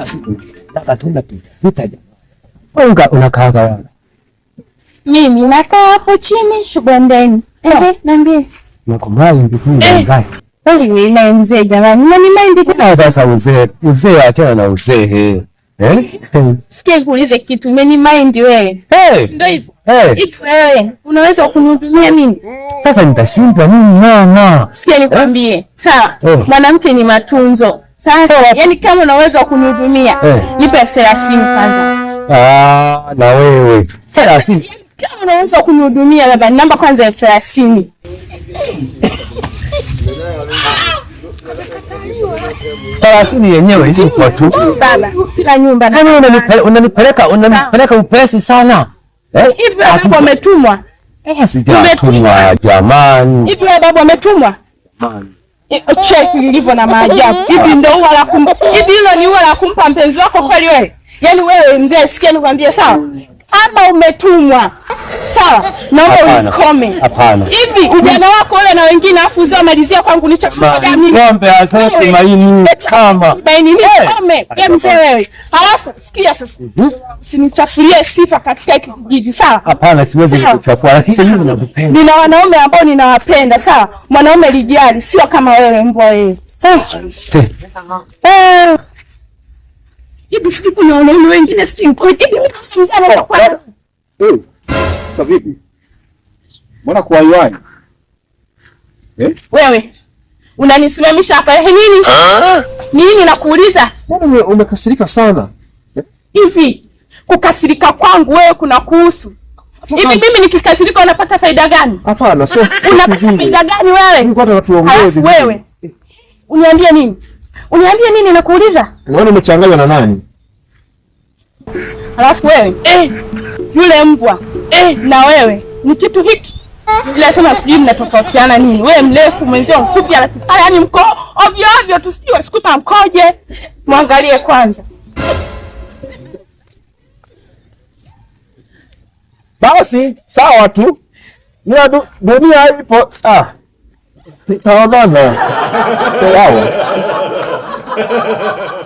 kila siku kitu pia pita jamaa, unakaa kawapi? Mimi nakaa hapo chini bondeni. Ehe, niambie nakumai mzee jamani, na sasa. Uzee uzee, acha na uzee. Eh? Sikia kuulize kitu, mind wewe? Hey. Eh. Ndio hivyo Hey. Eh. Ipo wewe unaweza kunihudumia mimi? Sasa nitashindwa mimi mama? Sikia nikwambie, sawa, oh. mwanamke ni matunzo sasa yani, kama unaweza kunihudumia eh, nipe thelathini kwanza. Ah, na wewe thelathini? Kama unaweza kunihudumia labda namba kwanza ya thelathini. Thelathini yenyewe ilikuwa tu baba, kila nyumba. Yaani unanipeleka unanipeleka upesi sana eh? hivi. Babu ametumwa? Eh, sijatumwa jamani. Hivi babu ametumwa jamani Check nilivyo na maajabu mm-hmm. hivi. Ndo ua la kumpa hivi, hilo ni ua la kumpa mpenzi wako kweli wewe? yani wewe mzee, sikia nikwambie, sawa? Hapa mm. umetumwa Sawa, naomba unikome. Hapana. Hivi ujana wako ule na wengine afu uzao malizia kwangu ni chafu kwa mimi. Ng'ombe azati maini kama. Maini ni eh, kome. Ye mzee wewe. Alafu sikia sasa. Mhm. Usinichafulie sifa katika hiki kijiji, sawa? Hapana, siwezi kukuchafua. Lakini mimi ninakupenda. Nina wanaume ambao ninawapenda, sawa? Mwanaume lijali sio kama wewe mbwa wewe. Eh. eh. Hivi sisi kuna wanaume wengine sisi kwa hivi eh. Sasa, kusuzana kwa. Sasa vipi? Mbona kwa hiyo eh? Wewe unanisimamisha hapa eh, nini? Nini nakuuliza? Mbona umekasirika sana? Eh? Hivi eh? Kukasirika kwangu wewe kuna kuhusu hivi mimi nikikasirika unapata faida gani? Hapana, sio. Unapata faida gani wewe? Nilipata tuongoze. Wewe. Uniambie nini? Uniambie nini nakuuliza? Unaona umechanganywa na nani? Alafu wewe. Eh yule mbwa eh, na wewe ni kitu hiki. Nasema sijui mnatofautiana nini? Wewe mrefu mwenzio mfupi, yaani mko ovyo ovyo tu, sijui mkoje. Mwangalie kwanza basi, sawa tu, dunia ipo ah. Tawabana sawa